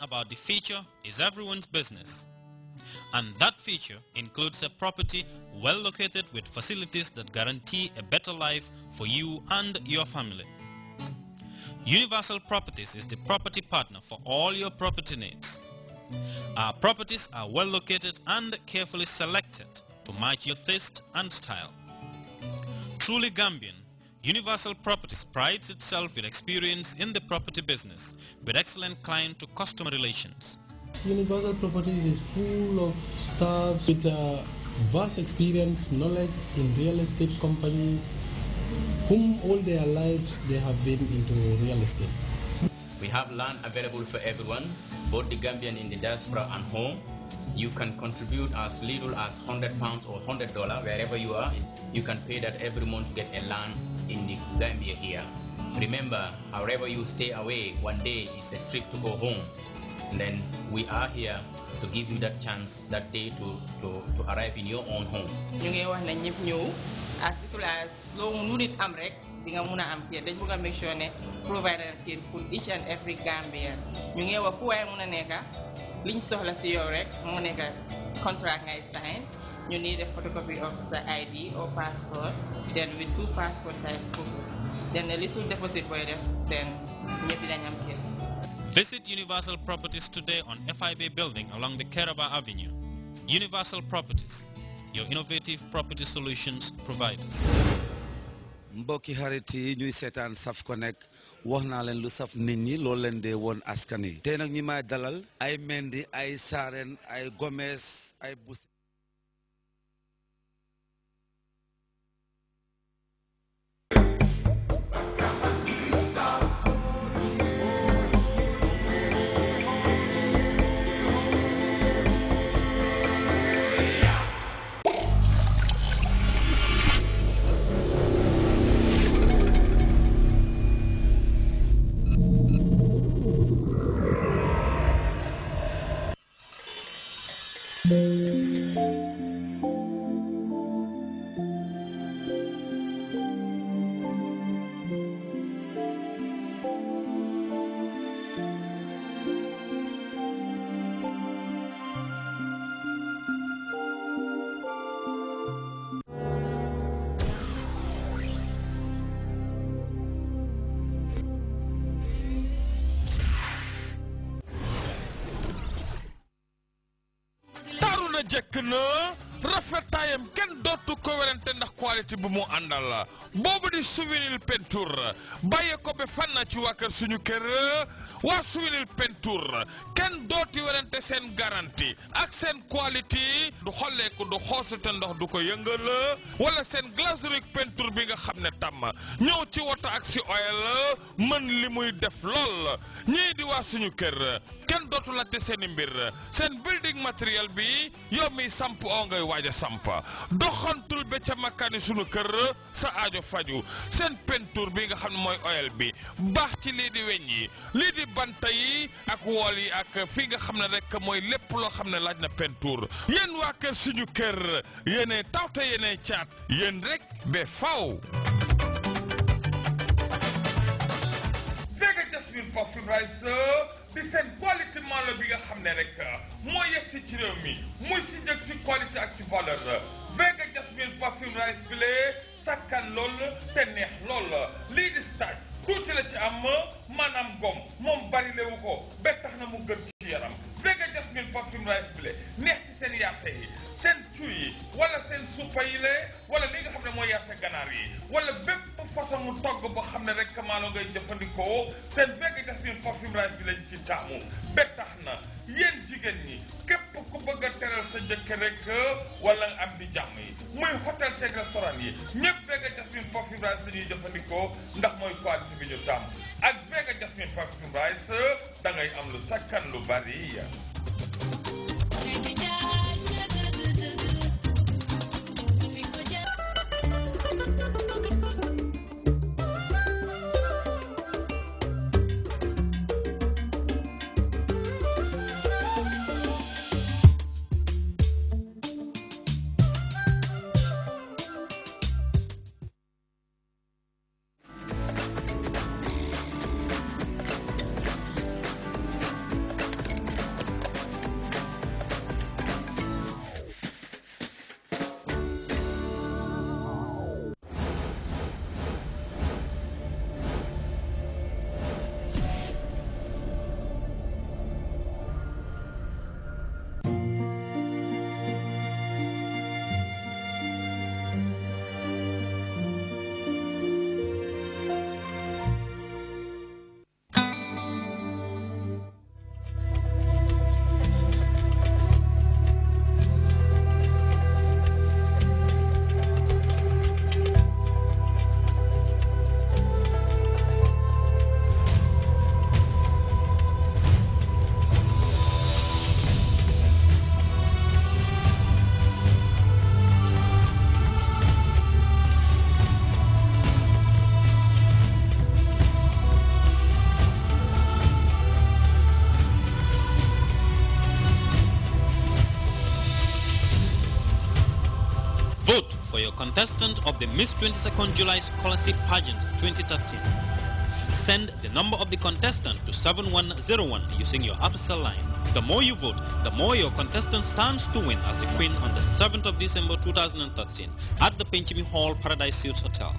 about the future is everyone's business. And that future includes a property well located with facilities that guarantee a better life for you and your family. Universal Properties is the property partner for all your property needs. Our properties are well located and carefully selected to match your taste and style. Truly Gambian, Universal Properties prides itself in experience in the property business with excellent client-to-customer relations. Universal Properties is full of staff with uh, vast experience, knowledge in real estate companies, whom all their lives they have been into real estate. We have land available for everyone, both the Gambian in the diaspora and home you can contribute as little as 100 pounds or 100 dollars wherever you are you can pay that every month to get a land in the Zambia here remember however you stay away one day it's a trip to go home and then we are here to give you that chance that day to to, to arrive in your own home as little mu nit am rek di nga mun a am care dañ bugg a make provider care pour each and every Gambian ñu ngi wax fu waaye mun a nekka liñ soxla si yow rek mu nekka contract ngay sign ñu need a photocopy of the ID or passport. Then with two passport size photos. Then a little deposit for it, then Visit Universal Properties today on FIB building along the Keraba Avenue. Universal Properties, your innovative property solutions providers. mbokki xarit yi ñuy seetaan saf ko nekk wax naa leen lu saf nit ñi loolu leen dee woon askan yi tey nag ñi may dalal ay mendi ay saaren ay gomes ay buse jekk na rafetaayam kenn dootu ko werante ndax qualité bu mu àndal boobu di Souvenir Peinture bàyyee ko ba fan na ci waa kër suñu kër waa Souvenir Peinture kenn dooti werante seen garantie ak seen qualité du xolleeku du xoosute ndox du ko yëngal wala seen glasurik peinture bi nga xam ne tàmm ñëw ci woto ak si oil mën li muy def lool ñii di waa suñu kër kenn dootu la te seeni mbir seen building matériel bi yow mi samp oo ngay waaj a doxantul ba ca makkaani suñu kër sa aajo faju seen peinture bi nga xam ne mooy oil bi baax ci lii di weñ yi lii di banta yi ak wool yi ak fii nga xam ne rek mooy lépp loo xam ne laaj na peinture yéen waa kër suñu kër yéenay tawte yéenay caat yéen rekk ba faw une population di seet politiquement la bi nga xam rek moo yex si ci réew mi muy ci def ci qualité ak ci valeur Vega Jasmine Perfume Rice bile sakkan lool te neex lool lii di stage tuuti la ci am manam gom mom bari lewu ko ba tax na mu gën ci yaram Vega Jasmine parfum Rice bile neex ci sen yaxé sen tuyi wala sen suppa yi le wala li nga xam ne yaxé ganar yi wala façon mu togg boo xam ne rek maanaam ngay jëfandikoo seen bëgg tax seen parfum rice bi lañ ci taamu ba tax na yéen jigéen ñi képp ku bëgg a teral sa njëkk rek wala am di jàmm yi muy hôtel seen restaurant yi ñëpp bëgg jasmine parfum rice la ñuy jëfandikoo ndax mooy qualité bi ñu taamu ak bëgg jasmine parfum rice da ngay am lu sakkan lu bari for your contestant of the Miss 22nd July Scholarship Pageant 2013. Send the number of the contestant to 7101 using your officer line. The more you vote, the more your contestant stands to win as the Queen on the 7th of December 2013 at the Pinchimi Hall Paradise Suites Hotel.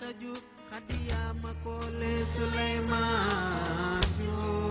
ka jur xaddiyaama koole suleymaan